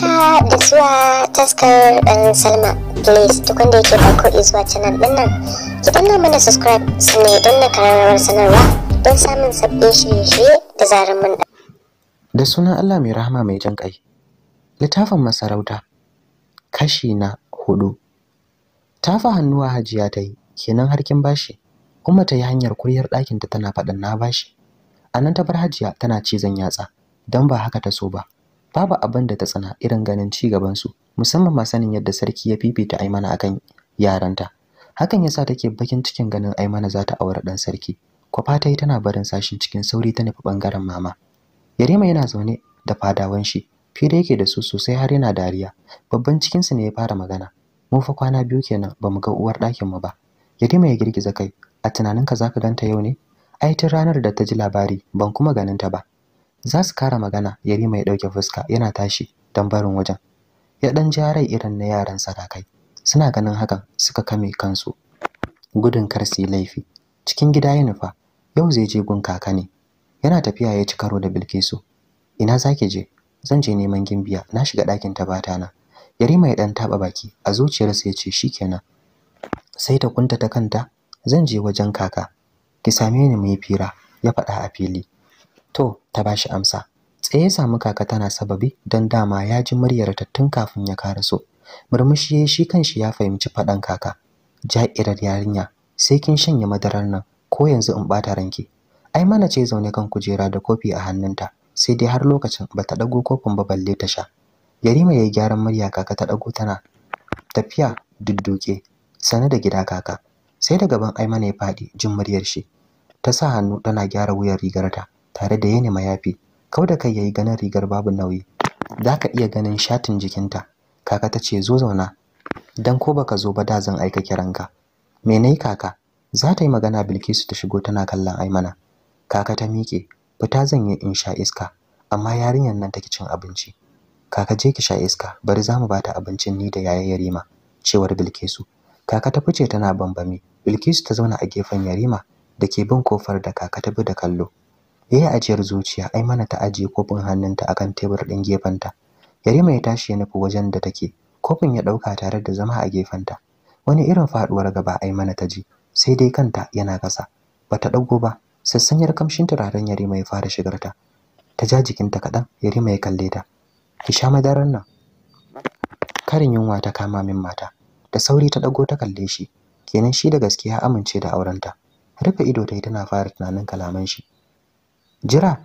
haka ah, da zuwa taskar ɗan um, salma please duk wanda yake farko izuwa canal ɗin nan ki danna mana subscribe sannan don na kararrawar sanarwa don samun sabbin shirye da zarar mun da sunan allah mai rahama mai jan kai littafin masarauta kashi na hudu tafa hannuwa hajiya ta yi kenan harkin bashi umma ta yi hanyar kuryar ɗakinta tana faɗin na bashi a nan ta bar hajiya tana cizon yatsa don ba haka ta so ba babu abin da ta tsana irin ganin ci gaban su musamman ma sanin yadda sarki ya fifita Aimana akan yaranta hakan yasa take bakin cikin ganin Aimana za ta aure dan sarki kwafa tana barin sashin cikin sauri ta nufi bangaren mama Yarima yana zaune da fadawan shi fira yake da su sosai har yana dariya babban cikin su ne ya fara magana mu fa kwana biyu kenan ba mu ga uwar ɗakin mu ba Yarima ya girgiza kai a tunaninka zaka ganta yau ne ai tun ranar da ta ji labari ban kuma ganin ta ba za su kara magana yarima ya ɗauke fuska yana tashi don barin wajen ya ɗan ja rai irin na yaran sarakai suna ganin hakan suka kame kansu gudun kar su yi laifi cikin gida ya nufa yau zai je gun kaka ne yana tafiya ya ci karo da bilkisu ina za ki je zan je neman gimbiya na shiga ɗakin ta bata na yarima ya ɗan taɓa baki a zuciyarsa ya ce shi kenan. sai ta kunta ta kanta zan je wajen kaka ki same ni mu yi fira ya faɗa a fili to ta bashi amsa tsaye samu kaka tana sababi don dama ya ji muryar ta tun kafin ya kara so. murmushi yayi shi kanshi ya fahimci faɗan kaka ja'irar yarinya sai kin shanye madarar nan ko yanzu in bata ranki ai mana ce zaune kan kujera da kofi a hannunta sai dai har lokacin ba ta dago kofin ba balle ta sha yarima ya yi gyaran murya kaka ta dago tana tafiya dudduke sane da gida kaka sai da gaban aimana ya faɗi jin muryar shi ta sa hannu tana gyara wuyar rigarta tare da yane mayafi kau da kai yayi ganin rigar babu nauyi zaka iya ganin shatin jikinta kaka ta ce zo zauna dan ko baka zo ba da zan aika kiranka me nayi kaka za ta yi magana bilkisu ta shigo tana kallon aimana kaka ta miƙe fita zan yi in sha iska amma yarinyar nan take cin abinci kaka je ki sha iska bari za mu ta abincin ni da yaya yarima cewar bilkisu kaka ta fice tana bambami bilkisu ta zauna a gefen yarima da ke bin kofar da kaka ta bi da kallo yayi ajiyar zuciya ai mana ta ajiye kofin hannunta akan tebur din gefenta Yarima ya tashi ya nufi wajen da take kofin ya ɗauka tare da zama a gefenta wani irin faduwar gaba ai mana ta ji sai dai kanta yana kasa bata dago ba sassanyar kamshin turaren Yarima ya fara shigarta ta ja jikinta kaɗan, Yarima ya kalle ta ki sha madaran nan karin yunwa ta kama min mata da sauri ta dago ta kalle shi kenan shi da gaskiya amince da aurenta rufe ido ta yi tana fara tunanin kalaman shi jira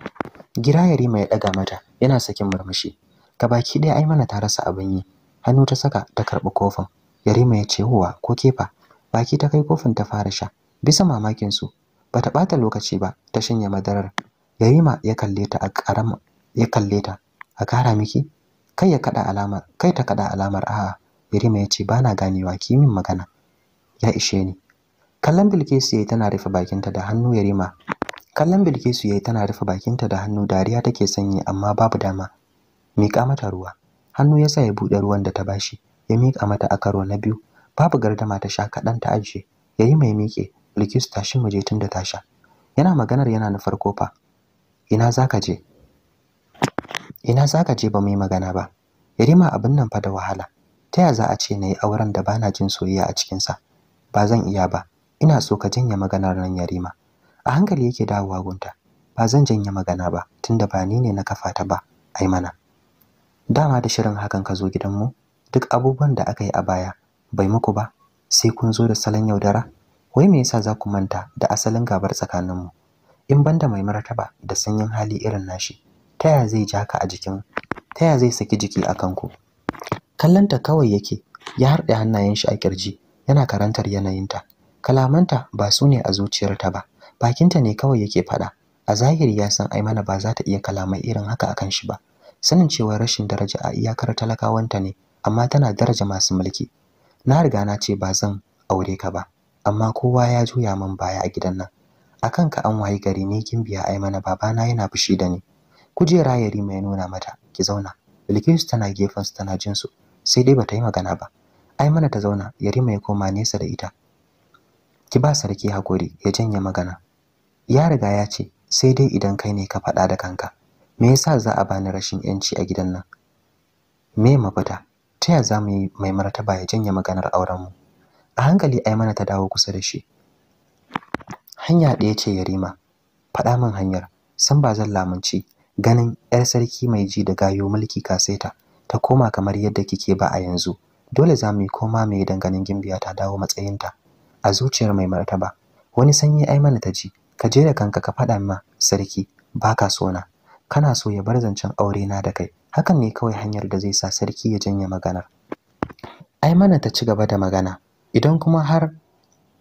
gira yarima ya ɗaga mata yana sakin murmushi Ka baki ɗaya ai mana ta rasa abin yi hannu ta saka ta karɓi kofin yarima ya ce huwa ko kefa baki ta kai kofin ta fara sha bisa mamakin su bata ɓata lokaci ba ta shanye madarar yarima ya kalle ta a karama ya kalle ta a kara miki kai ya kada alamar kai ta kada alamar a'a yarima ya ce bana ganewa ki min magana ya ishe ni kallon bilkisu yayi tana rufe bakinta da hannu yarima kallon bilkisu yayi tana rufe bakinta da hannu dariya take sanyi amma babu dama mika mata ruwa hannu ya sa ya buɗe ruwan da ta bashi ya mika mata a karo na biyu babu gardama ta sha kaɗan ta ajiye yayi mai mike bilkisu tashi muje tun da ta sha yana maganar yana nufar fa. ina zaka je ina zaka je ba mu magana ba yarima abin nan fa da wahala ta ya za a ce na yi auren da bana jin soyayya a cikinsa ba zan iya ba ina so ka janye maganar nan yarima a hankali yake dawowa gunta ba zan janye magana ba tunda ba ni ne na kafa ta ba ai mana dama da shirin hakan ka zo gidanmu duk abubuwan da aka yi a baya bai muku ba sai kun zo da salon yaudara wai me yasa za ku manta da asalin gabar tsakaninmu in banda mai martaba da sanyin hali irin nashi ta yaya zai ja ka a jikin ta yaya zai saki jiki a kanku kallanta kawai yake ya harɗe hannayen shi a kirji yana karantar yanayinta kalamanta ba su ne a zuciyarta ba bakinta ne kawai yake faɗa a zahiri ya san Aimana ba za ta iya kalamai irin haka akan shi ba sanin cewa rashin daraja a iyakar talakawanta ne amma tana daraja masu mulki na riga na ce ba zan aure ka ba amma kowa ya juya min baya a gidan nan akan ka an wayi gari ne kin biya Aimana babana yana fushi da ni kujera yari ya nuna mata ki zauna Bilkisu tana gefen su tana jin su sai dai bata yi magana ba Aimana ta zauna yari mai koma nesa da ita ki ba sarki hakuri ya janye magana ya riga ya ce sai dai idan kai ne ka faɗa da kanka me yasa za a bani rashin yanci a gidan nan me mafita ta ya za mu yi mai martaba ya janye maganar auren mu a hankali ai mana ta dawo kusa da shi hanya ɗaya ce yarima faɗa min hanyar san ba zan lamunci ganin yar sarki mai ji da gayo mulki ka kaseta ta koma kamar yadda kike ba a yanzu dole za mu yi koma mai danganin gimbiya ta dawo matsayinta a zuciyar mai martaba wani sanyi ai mana ta ji ka je da kanka ka faɗa ma sarki baka sona kana so ya bar zancen aure na da kai hakan ne kawai hanyar da zai sa sarki ya janye maganar ai mana ta ci gaba da magana idan kuma har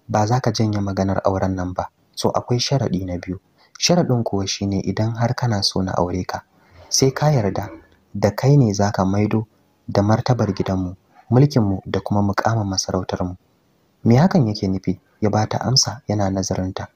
ba za ka janye maganar auren nan ba so akwai sharaɗi na biyu sharaɗin kuwa shine idan har kana so na aure ka sai ka yarda da kai ne za ka maido da martabar gidanmu mulkinmu da kuma mukamin masarautarmu me hakan yake nufi ya ba ta amsa yana nazarinta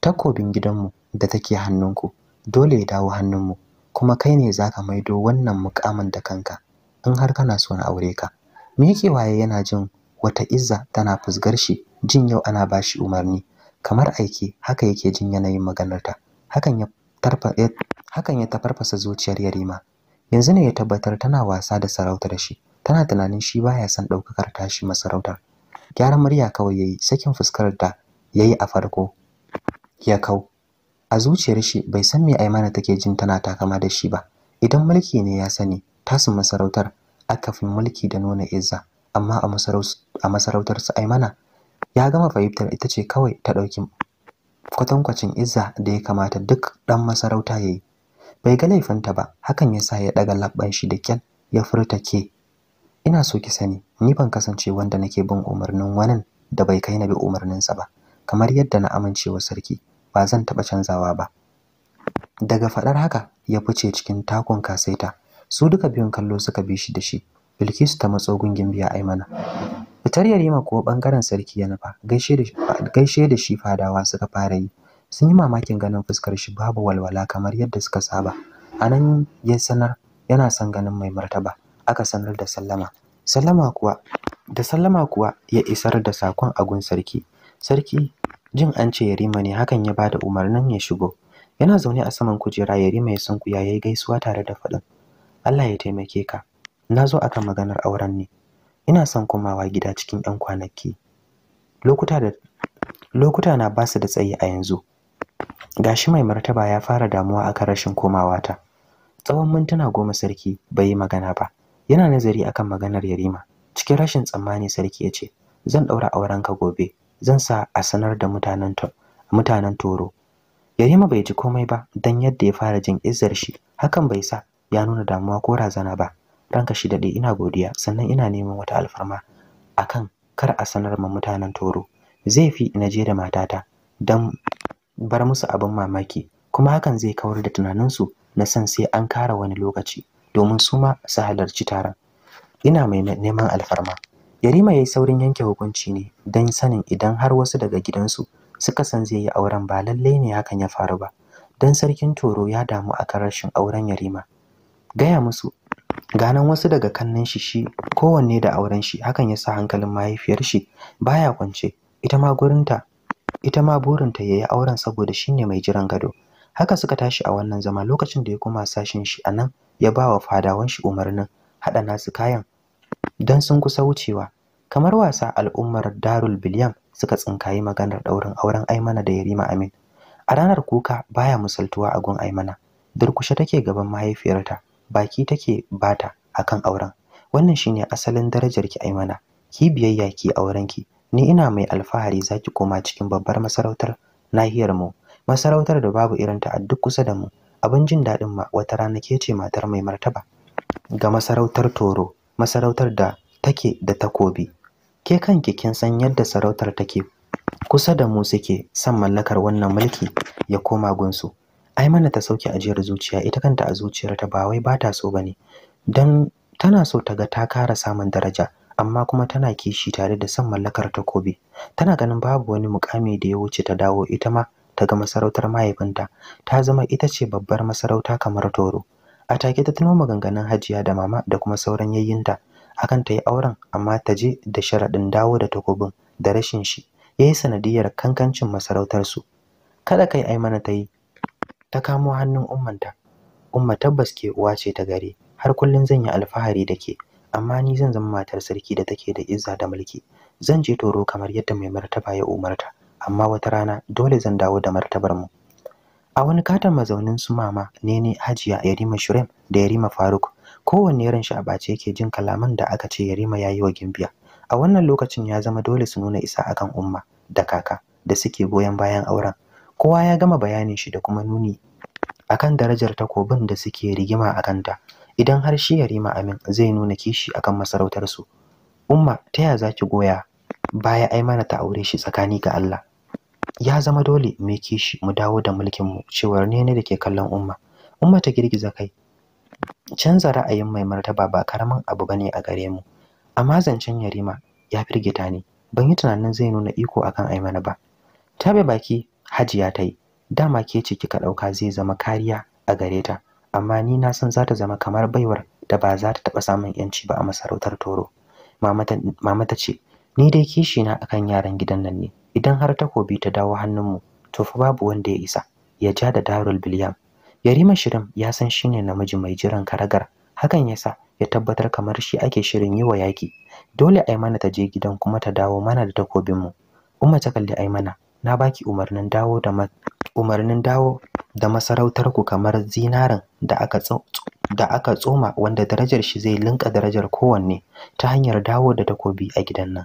takobin gidanmu da take hannunku dole ya dawo hannunmu kuma kai ne za ka maido wannan mukamin da kanka in har kana so na aure ka Me yake waye yana jin wata izza tana fusgar shi jin yau ana bashi umarni kamar aiki haka yake jin yanayin maganarta hakan ya tarfa hakan ya tafarfasa zuciyar Yarima yanzu ne ya tabbatar tana wasa da sarautar shi tana tunanin shi baya son daukakar tashi masarautar gyaran murya kawai yayi sakin fuskar ta yayi a farko ya kau a zuciyar shi bai san me Aimana take jin tana takama da shi ba idan mulki ne ya sani tasu masarautar aka fi mulki da nuna izza amma a masarautar su Aimana ya gama fahimtar ita ce kawai ta ɗauki kwatankwacin izza da ya kamata duk ɗan masarauta ya yi bai ga laifinta ba hakan ya sa ya ɗaga labban shi da kyan ya furta ke ina so ki sani ni ban kasance wanda nake bin umarnin wanin da bai kai na bi umarninsa ba kamar yadda na amince wa sarki ba zan taɓa canzawa ba daga faɗar haka ya fice cikin takon kasaita su duka biyun kallo suka bi shi da shi bilkisu ta matso gungin biya aimana fitar yarima kuwa ɓangaren sarki ya nufa gaishe da shi fadawa suka fara yi sun yi mamakin ganin fuskar shi babu walwala kamar yadda suka saba a nan ya sanar yana son ganin mai martaba aka sanar da sallama sallama kuwa da sallama kuwa ya isar da sakon agun sarki sarki jin an ce yarima ne hakan ya bada umarnin ya shigo yana zaune a saman kujera yarima ya sunkuya yi gaisuwa tare da faɗin Allah ya taimake ka na zo akan maganar auren ne ina son komawa gida cikin 'yan kwanaki lokuta na ba su da tsayi a yanzu gashi mai martaba ya fara damuwa akan rashin komawa ta tsawon mintuna goma sarki bai yi magana ba yana nazari akan maganar yarima cikin rashin tsammani sarki ya ce zan ɗaura aurenka gobe zan sa a sanar da mutanen toro yarima bai ji komai ba dan yadda ya fara jin izzar shi hakan bai sa ya nuna damuwa ko razana ba ranka shi dade ina godiya sannan ina neman wata alfarma akan kar a sanar ma mutanen toro zai fi na je da matata dan bar musu abin mamaki kuma hakan zai kawar da tunaninsu na san sai an kara wani lokaci domin su ma su halarci taron ina mai neman alfarma Yarima ya yi saurin yanke hukunci ne don sanin idan har wasu daga gidansu suka san zai yi auren ba lallai ne hakan ya faru ba. Don sarkin Toro ya damu a kan rashin auren Yarima. Gaya musu, ganan wasu daga kannan shi shi kowanne da auren shi hakan ya sa hankalin mahaifiyar shi baya kwance ita ma gurinta ita ma burinta ya yi auren saboda shi ne mai jiran gado. Haka suka tashi a wannan zama lokacin da ya koma sashin shi a nan ya ba wa fadawan shi umarnin haɗa nasu kayan don sun kusa wucewa kamar wasa al'ummar darul biliyam suka tsinkayi maganar ɗaurin auren aimana da yarima amin a ranar kuka baya misaltuwa a gun aimana durkushe take gaban mahaifiyarta baki take bata akan auren wannan shine asalin darajar ki aimana ki biyayya ki auren ki ni ina mai alfahari zaki koma cikin babbar masarautar nahiyar mu masarautar da babu irinta a duk kusa da mu abin jin daɗin ma wata rana ke ce matar mai martaba ga masarautar toro masarautar da take da takobi ke kanki kin san yadda sarautar take kusa da mu suke son mallakar wannan mulki ya koma gunsu ai mana ta sauke ajiyar zuciya ita kanta a zuciyarta ba wai ba ta so bane dan tana so ta ga ta kara samun daraja amma kuma tana kishi tare da son mallakar ta takobi tana ganin babu wani mukami da ya wuce ta dawo ita ma ta ga masarautar mahaifinta ta zama ita ce babbar masarauta kamar toro a take ta tuno maganganun hajiya da mama da kuma sauran yayyinta akan ta yi auren amma ta je da sharaɗin dawo da takobin da rashin shi ya yi sanadiyar kankancin masarautar su. kada kai mana ta yi ta kamo hannun ummanta umma tabbas ke uwa ce ta gare har kullum zan yi alfahari da ke amma ni zan zama matar sarki da take da izza da mulki zan je toro kamar yadda mai martaba ya umarta amma wata rana dole zan dawo da martabar mu a wani katon mazaunin su mama ne ne hajiya yarima shurem da yarima faruk kowanne ran shi a bace yake jin kalaman da aka ce Yarima ya yi wa Gimbiya. A wannan lokacin ya zama dole su nuna isa akan umma da kaka da suke goyon bayan auren. Kowa ya gama bayanin shi da kuma nuni akan darajar takobin da suke rigima a kanta. Idan har shi Yarima Amin zai nuna kishi akan masarautar su. Umma ta ya za goya baya ai mana ta aure shi tsakani ga Allah. Ya zama dole me kishi mu dawo da mulkin mu. cewar ne ne da kallon Umma. Umma ta girgiza kai canza ra'ayin mai martaba ba karamin abu bane a gare mu amma zancen yarima ya firgita ni ban yi tunanin zai nuna iko akan aimana ba Ta bai baki hajiya ta yi dama ke ce kika ɗauka zai zama kariya a gare ta amma ni na san za ta zama kamar baiwar da ba za ta taɓa samun yanci ba a masarautar toro mama ta ce ni dai kishi na akan yaran gidan nan ne idan har takobi ta dawo hannunmu to fa babu wanda ya isa ya ja da darul biliyam Yarima shirin ya san shine namiji mai jiran karagar, hakan yasa ya tabbatar kamar shi ake shirin yi wa yaki. Dole Aimana ta je gidan kuma ta dawo mana da mu Umma ta kalli Aimana, na baki umarnin dawo da umarnin dawo da masarautar ku kamar zinarin da aka da aka tsoma wanda darajar shi zai linka darajar kowanne ta hanyar dawo da takobi a gidan nan.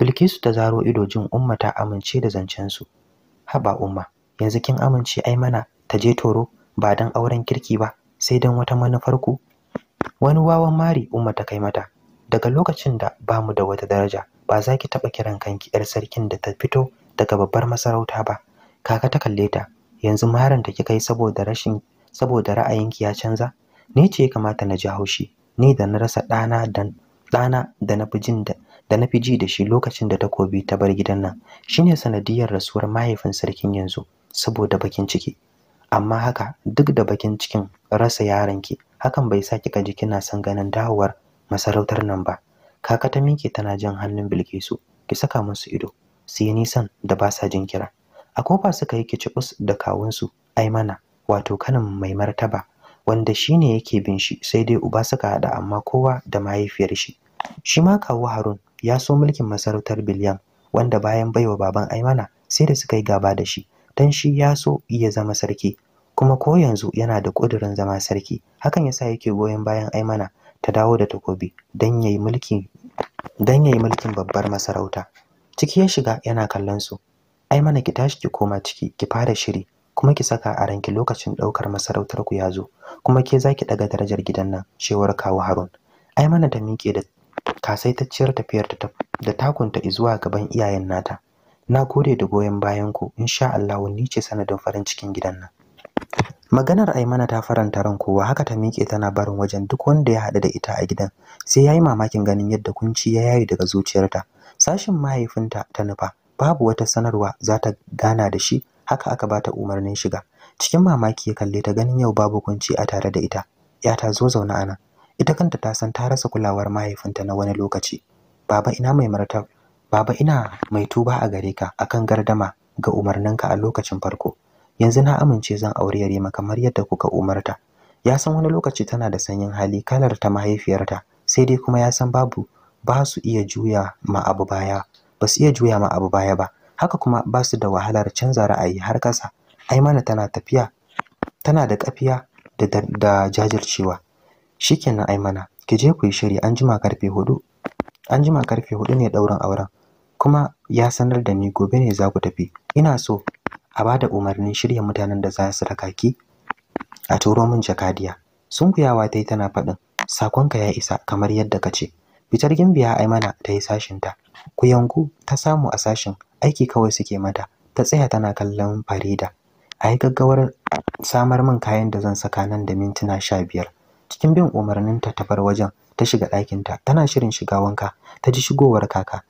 Bilkisu ta zaro ido jin Umma ta amince da zancen su. Haba Umma, yanzu kin amince Aimana ta je Toro ba don auren kirki ba sai don wata manufar ku wani wawan mari umma ta kai mata daga lokacin da ba mu da wata daraja ba za ki taɓa kiran kanki 'yar sarkin da ta fito daga babbar masarauta ba kaka ta kalle ta yanzu maran da kika yi saboda rashin saboda ra'ayinki ya canza ni ce ya kamata na ji haushi ni da na rasa ɗana da ɗana da na fi da da na fi ji da shi lokacin da takobi ta bar gidan nan shine sanadiyar rasuwar mahaifin sarkin yanzu saboda bakin ciki amma haka duk da bakin cikin rasa yaranki hakan bai sa kika ji kina son ganin dawowar masarautar nan ba kaka ta miƙe tana jan hannun bilkisu ki saka musu ido su yi nisan da ba sa jin kira a kofa suka yi kicibus da kawunsu aimana wato kanin mai martaba wanda shine yake bin shi sai dai uba suka haɗa, amma kowa da mahaifiyar shi shi ma kawu harun ya so mulkin masarautar biliyan wanda bayan baiwa baban aimana sai da suka yi gaba da shi dan shi ya so iya zama sarki kuma ko yanzu yana da ƙudurin zama sarki hakan yasa yake goyon bayan Aimana ta dawo da takobi don yayi mulki don yayi mulkin babbar masarauta ciki ya shiga yana kallon su Aimana ki tashi ki koma ciki ki fara shiri kuma ki saka a ranki lokacin ɗaukar masarautar ku ya zo kuma ke zaki daga darajar gidan nan cewar kawo Harun Aimana ta miƙe da kasaitacciyar tafiyar ta da takunta zuwa gaban iyayen nata na gode da goyon bayan ku insha Allah ni ce sanadin farin cikin gidan nan maganar aimana ta faranta ran kowa haka ta miƙe tana barin wajen duk wanda ya haɗu da ita a gidan sai ya yi mamakin ganin yadda kunci ya yayi daga zuciyarta sashin mahaifinta ta nufa babu wata sanarwa za ta gana da shi haka aka bata umarnin shiga cikin mamaki ya kalle ta ganin yau babu kunci a tare da ita ya ta zo zauna ana ita kanta ta san ta rasa kulawar mahaifinta na wani lokaci baba ina mai martaba baba ina mai tuba a gare ka akan gardama ga umarninka a lokacin farko yanzu na amince zan aure Yarima kamar yadda kuka umarta ya san wani lokaci tana da sanyin hali kalar ta mahaifiyarta sai dai kuma ya san babu ba su iya juya ma abu baya ba su iya juya ma abu baya ba haka kuma ba su da wahalar canza ra'ayi har kasa mana tana tafiya tana da kafiya da, da, da jajircewa shikenan mana, ki je ku yi shiri an jima karfe hudu an jima karfe hudu ne daurin auren kuma ya sanar da ni gobe ne za ku tafi ina so a bada umarnin shirya mutanen da za su raka ki a turo min jakadiya sunkuyawa ta yi tana faɗin sakonka ya isa kamar yadda ka ce fitar gimbiya mana, ta yi sashinta ku yanku ta samu a sashin aiki kawai suke mata ta tsaya tana kallon farida a yi gaggawar samar min kayan da zan saka nan da mintuna sha biyar cikin bin umarninta ta bar wajen ta shiga ɗakinta tana shirin shiga wanka ta ji shigowar kaka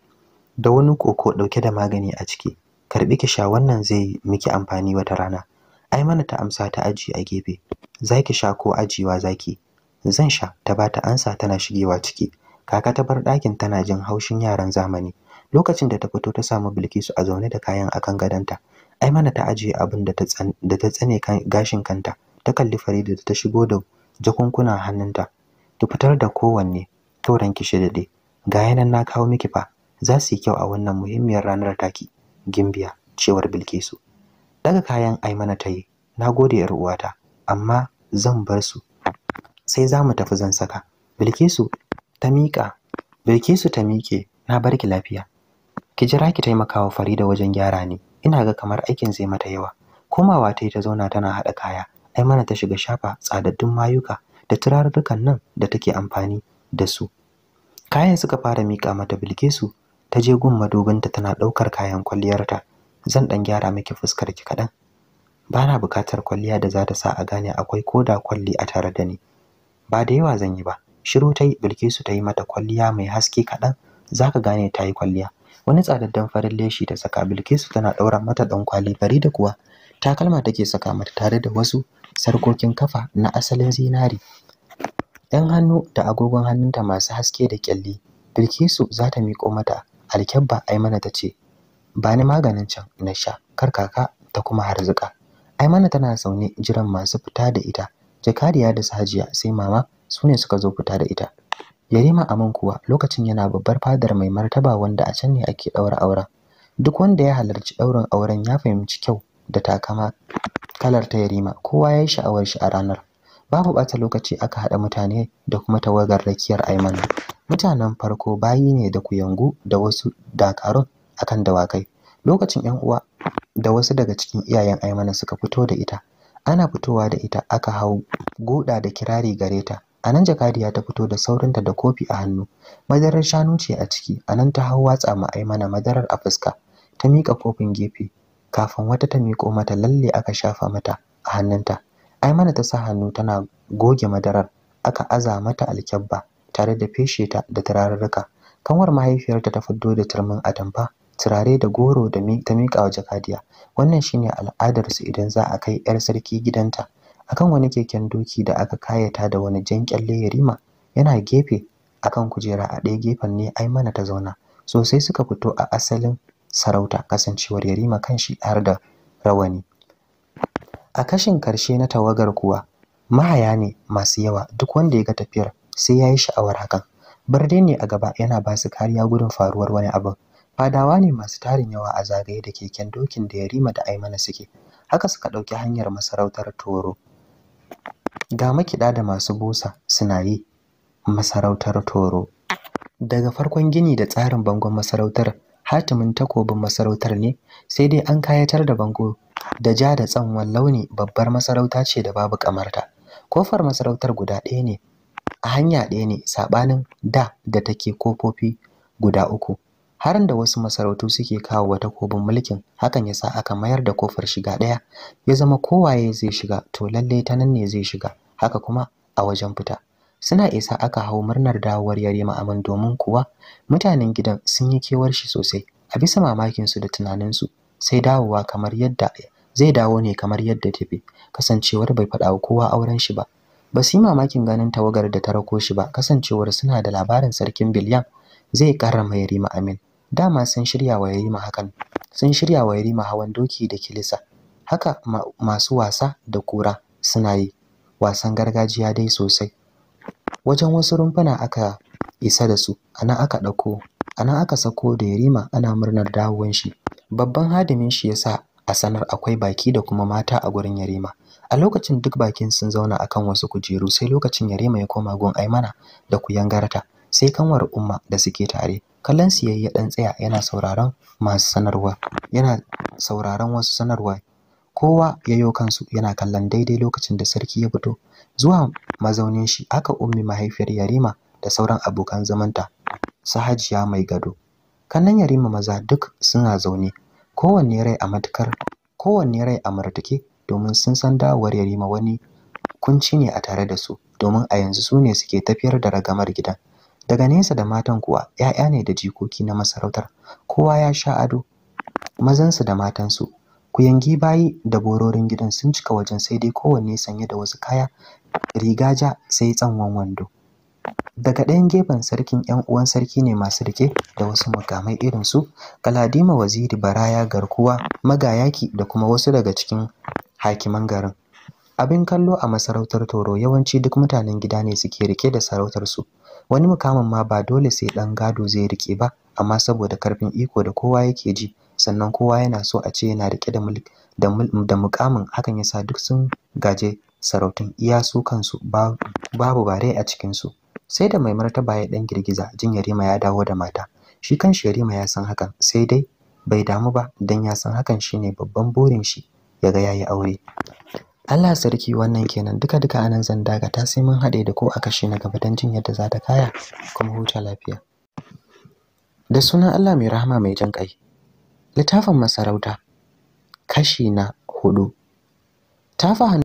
da wani koko ɗauke da magani a ciki karbi ki sha wannan zai miki amfani wata rana ai mana ta amsa ta aji a gefe zaki sha ko ajiwa zaki zan sha ta bata ansa tana shigewa ciki kaka ta bar ɗakin tana jin haushin yaran zamani lokacin da ta fito ta samu Bilkisu a zaune da kayan akan gadonta ai mana ta ajiye abin da ta tsane gashin kanta ta kalli Farida da ta shigo da jakunkunan hannunta ki fitar da kowanne to ranki shi dade ga yanan na kawo miki fa za su yi kyau a wannan muhimmiyar ranar taki gimbiya cewar bilkisu daga kayan aimana ta yi na gode yar uwata amma zan bar su sai za mu tafi zan saka bilkisu ta miƙa bilkisu ta miƙe na bar ki lafiya ki jira ki taimakawa wa farida wajen gyara ni ina ga kamar aikin zai mata yawa komawa ta yi ta zauna tana haɗa kaya aimana ta shiga shafa tsadaddun mayuka da turarurrukan nan da take amfani da su kayan suka fara miƙa mata bilkisu ta je gun madubinta tana ɗaukar kayan kwalliyarta zan ɗan gyara miki fuskar ki kaɗan Bana na buƙatar kwalliya da za ta sa a gane akwai koda kwalli a tare da ni ba da yawa zan yi ba shiru ta yi bilkisu ta yi mata kwalliya mai haske kaɗan za ka gane ta yi kwalliya wani tsadaddan farin leshi ta saka bilkisu tana ɗaura mata ɗan kwali da kuwa takalma take saka mata tare da wasu sarkokin kafa na asalin zinari yan hannu da agogon hannunta masu haske da kyalli bilkisu za ta miƙo mata alkyabba aimana ta ce ba ni maganin can na sha kar kaka ta kuma harzuka aimana tana zaune jiran masu fita da ita jakadiya da Sajiya sai mama su ne suka zo fita da ita yarima aman kuwa lokacin yana babbar fadar mai martaba wanda a can ne ake ɗaura auren duk wanda ya halarci ɗaurin auren ya fahimci kyau da takama kalar ta yarima kowa ya yi sha'awar shi a ranar babu ɓata lokaci aka haɗa mutane da kuma tawagar rakiyar aimana mutanen farko bayi ne da kuyangu da wasu dakarun akan dawakai lokacin yan uwa da wasu daga cikin iyayen Aimana suka fito da ita ana fitowa da ita aka hau goda da kirari gare ta anan jakadiya ta fito da saurinta da kofi a hannu madarar shanu ce a ciki anan ta hau watsa ma Aimana madarar a fuska ta mika kofin gefe kafin wata ta miko mata lalle aka shafa mata a hannunta Aimana ta sa hannu tana goge madarar aka aza mata alkyabba tare da feshe ta da turaruka kanwar mahaifiyarta ta fito da turmin atamfa turare da goro da ta miƙa wa jakadiya wannan shine al'adarsu idan za a kai 'yar sarki gidanta akan wani keken doki da aka kayata da wani jan kyalle yarima yana gefe akan kujera a ɗaya gefen ne aimana ta zauna sosai suka fito a asalin sarauta kasancewar yarima kan shi har da rawani a kashin karshe na tawagar kuwa mahaya ne masu yawa duk wanda ya ga tafiyar sai ya yi sha'awar hakan barde ne a gaba yana ba su kariya gudun faruwar wani abin fadawa ne masu tarin yawa a zagaye da keken dokin da yarima da aimana suke haka suka ɗauki hanyar masarautar toro ga makiɗa da masu busa suna yi masarautar toro daga farkon gini da tsarin bangon masarautar hatimin takobin masarautar ne sai dai an kayatar da bango da ja da tsanwan launi babbar masarauta ce da babu kamarta kofar masarautar guda ɗaya ne a hanya ɗaya ne saɓanin da da take kofofi guda uku harin da wasu masarautu suke kawo wa takobin mulkin hakan yasa aka mayar da kofar shiga ɗaya ya zama kowaye zai shiga to lallai ta nan ne zai shiga haka kuma a wajen fita suna isa aka hau murnar dawowar Yarima Aman domin kuwa mutanen gidan sun yi kewar shi sosai a bisa mamakin su da tunanin su sai dawowa kamar yadda zai dawo ne kamar yadda tafi kasancewar bai faɗa kowa auren shi ba ba su yi mamakin ganin tawagar da ta rako shi ba kasancewar suna da labarin sarkin biliyan zai karrama ma yarima amin dama sun shirya wa yarima hakan sun shirya wa yarima hawan doki da kilisa haka masu wasa da kura suna yi wasan gargajiya dai sosai wajen wasu rumfuna aka isa da su ana aka ɗauko ana aka sako da yarima ana murnar dawowan shi babban hadimin shi yasa a sanar akwai baki da kuma mata a gurin yarima a lokacin duk bakin sun zauna akan wasu kujeru sai lokacin yarema ya koma gun aimana da kuyangarta sai kanwar umma da suke tare kallon siyayya ɗan dan tsaya yana sauraron masu sanarwa yana sauraron wasu sanarwa kowa yayo kansu yana kallon daidai lokacin da sarki ya fito zuwa mazaunin shi aka ummi mahaifiyar yarima da sauran abokan zamanta sahajiya hajiya mai gado kannan yarima maza duk suna zaune kowanne rai a matukar kowanne rai a martake domin sun san dawowar Yarima wani kunci ne a tare da su domin a yanzu su ne suke tafiyar da ragamar gidan. Daga nesa da matan kuwa ‘ya'ya ne da jikoki na masarautar, kowa ya sha ado, mazansu da matansu. yangi bayi da bororin gidan sun cika wajen sai dai kowanne sanye da wasu kaya, rigaja sai tsanwan wando. Daga ɗayan gefen sarkin ‘yan uwan sarki ne masu rike da wasu mukamai irin su Galadima Waziri Baraya Garkuwa Magayaki da kuma wasu daga cikin hakiman garin abin kallo a masarautar toro yawanci duk mutanen gida ne suke rike da sarautar su, wani mukamin ma ba dole sai dan gado zai rike ba amma saboda karfin iko da kowa yake ji sannan kowa yana so a ce yana rike da mulk da mukamin hakan yasa duk sun gaje sarautun iya su kansu babu bare a cikin su sai da mai martaba ya dan girgiza jin yarima ya dawo da mata shi kan yarima ya san hakan sai dai bai damu ba dan ya san hakan shine babban burin shi ya ga yayi aure Allah sarki wannan kenan duka duka anan zan daga ta sai mun haɗe da ko a kashe na gaba dan jin yadda za ta kaya kuma huta lafiya da sunan Allah mai rahama mai jan kai littafin masarauta kashi na hudu ta